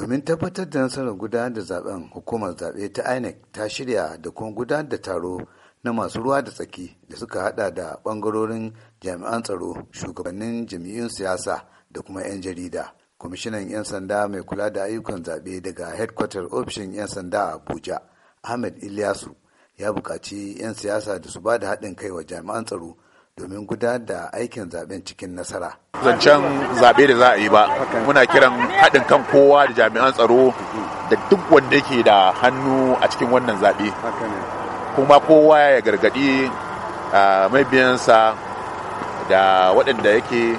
domin tabbatar da nasarar gudanar da zaben hukumar zaɓe ta inec ta shirya da kuma gudanar da taro na masu ruwa da tsaki da suka hada da bangarorin jami'an tsaro shugabannin jam'iyyun siyasa da kuma 'yan jarida kwamishinan 'yan sanda mai kula da ayyukan zaɓe daga headquarter ofishin 'yan sanda a abuja ahmed ilyasu ya buƙaci 'yan siyasa da su ba da haɗin kai wa jami'an tsaro domin gudanar da aikin zaben cikin nasara. Zancen zaɓe da za a yi ba, muna kiran haɗin kan kowa da jami'an tsaro da duk wanda yake da hannu a cikin wannan zaɓe. Kuma kowa ya gargaɗi mabiyansa da waɗanda yake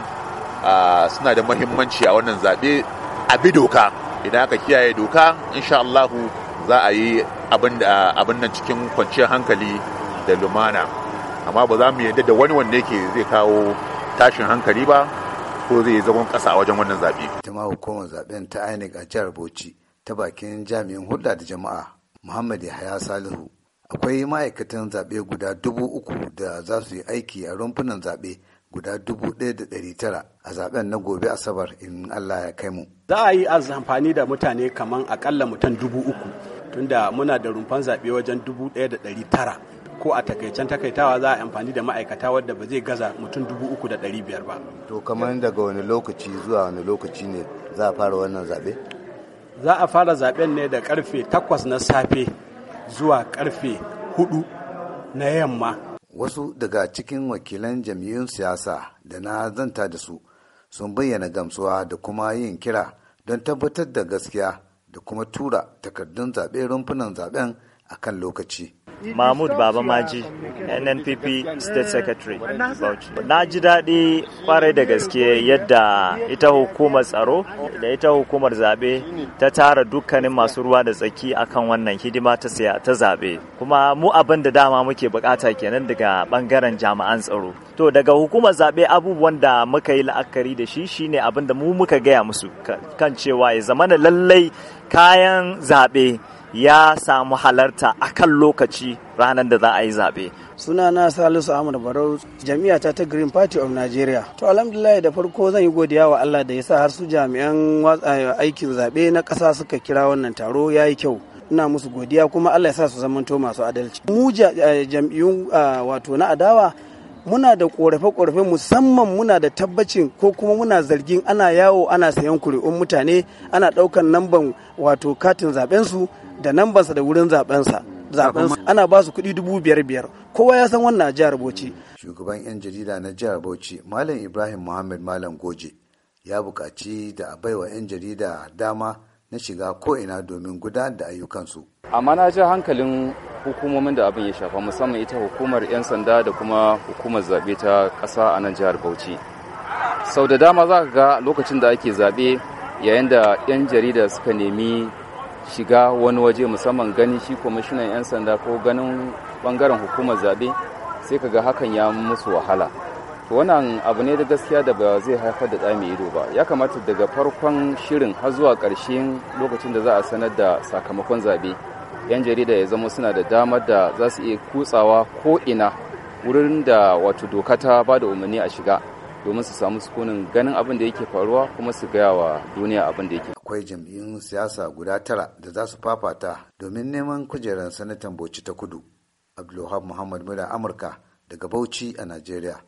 suna da mahimmanci a wannan zaɓe a bi doka. Idan aka kiyaye doka, insha Allahu za a yi abin nan cikin kwanciyar hankali da lumana. amma ba za mu yadda da wani wanda yake zai kawo tashin hankali ba ko zai zagon ƙasa wajen wannan zaɓe. jama'a hukumar zaɓen ta inec a jihar bauchi ta bakin jami'in hulɗa da jama'a muhammad yahaya salihu akwai ma'aikatan zaɓe guda dubu uku da za su yi aiki a rumfunan zaɓe guda dubu ɗaya da ɗari tara a zaɓen na gobe asabar in allah ya kai mu za a yi amfani da mutane kaman akalla mutum dubu uku tunda muna da rumfan zaɓe wajen dubu ɗaya da ɗari tara ko a takaicen takaitawa za a amfani da ma'aikata wadda ba zai gaza mutum dubu uku da ɗari biyar ba. To kamar daga wani lokaci zuwa wani lokaci ne za a fara wannan zaɓe? Za a fara zaɓen ne da karfe takwas na safe zuwa karfe hudu na yamma. Wasu daga cikin wakilan jam'iyyun siyasa da na zanta da su sun bayyana gamsuwa da kuma yin kira don tabbatar da gaskiya da kuma tura takardun zaɓe rumfunan zaɓen a kan lokaci. mahmud baba maji nnpp state secretary na ji daɗi kwarai da gaske yadda ita hukumar tsaro da ita hukumar zaɓe ta tara dukkanin masu ruwa da tsaki akan wannan hidima ta ta zaɓe kuma mu abin da dama muke bukata kenan daga ɓangaren jami'an tsaro to daga hukumar zaɓe abubuwan da muka yi la'akari da shi shine abin da mu muka gaya musu kan cewa ya zamana lallai kayan zaɓe ya samu halarta a kan lokaci ranar da za a yi zaɓe. Suna na salisu ahmad barau jami'ata ta green party of nigeria to alhamdulillah da farko zan yi godiya wa allah da ya sa har su jami'an eh, aikin zaɓe na ƙasa suka kira wannan taro ya yi kyau ina musu godiya kuma allah ya sa su zamanto masu adalci mu eh, jam'iyyun ah, wato na adawa muna da korafe-korafe musamman muna da tabbacin ko kuma muna zargin ana yawo ana sayan kuri'un mutane ana ɗaukan namban wato katin zaɓensu da nambansa da wurin zabensa zaben ana ba su kuɗi dubu biyar biyar kowa ya san wannan a jihar Bauchi. Shugaban 'yan jarida na jihar Bauchi Malam Ibrahim Muhammad Malam Goje ya buƙaci da a baiwa 'yan jarida dama na shiga ko'ina domin gudanar da ayyukansu. Amma na ji hankalin hukumomin da abin ya shafa musamman ita hukumar 'yan sanda da kuma hukumar zaɓe ta ƙasa a nan jihar Bauchi. Sau da dama za ka ga lokacin da ake zaɓe yayin da 'yan jarida suka nemi shiga wani waje musamman ganin shi kwamishinan 'yan sanda ko ganin bangaren hukumar zaɓe sai kaga hakan ya musu wahala to wannan abu ne da gaskiya da ba zai haifar da tsami ido ba ya kamata daga farkon shirin har zuwa karshen lokacin da za a sanar da sakamakon zaɓe 'yan jarida ya zama suna da damar da za su iya kutsawa ko ina wurin da wato doka ta ba da umarni a shiga domin su samu sukunin ganin abin da yake faruwa kuma su gaya wa duniya abin da yake akwai jam'iyyun siyasa guda tara da za su fafata domin neman kujerar sanatan Bauchi ta Kudu. Abdulwahab Muhammad Mura Amurka daga Bauchi a Najeriya.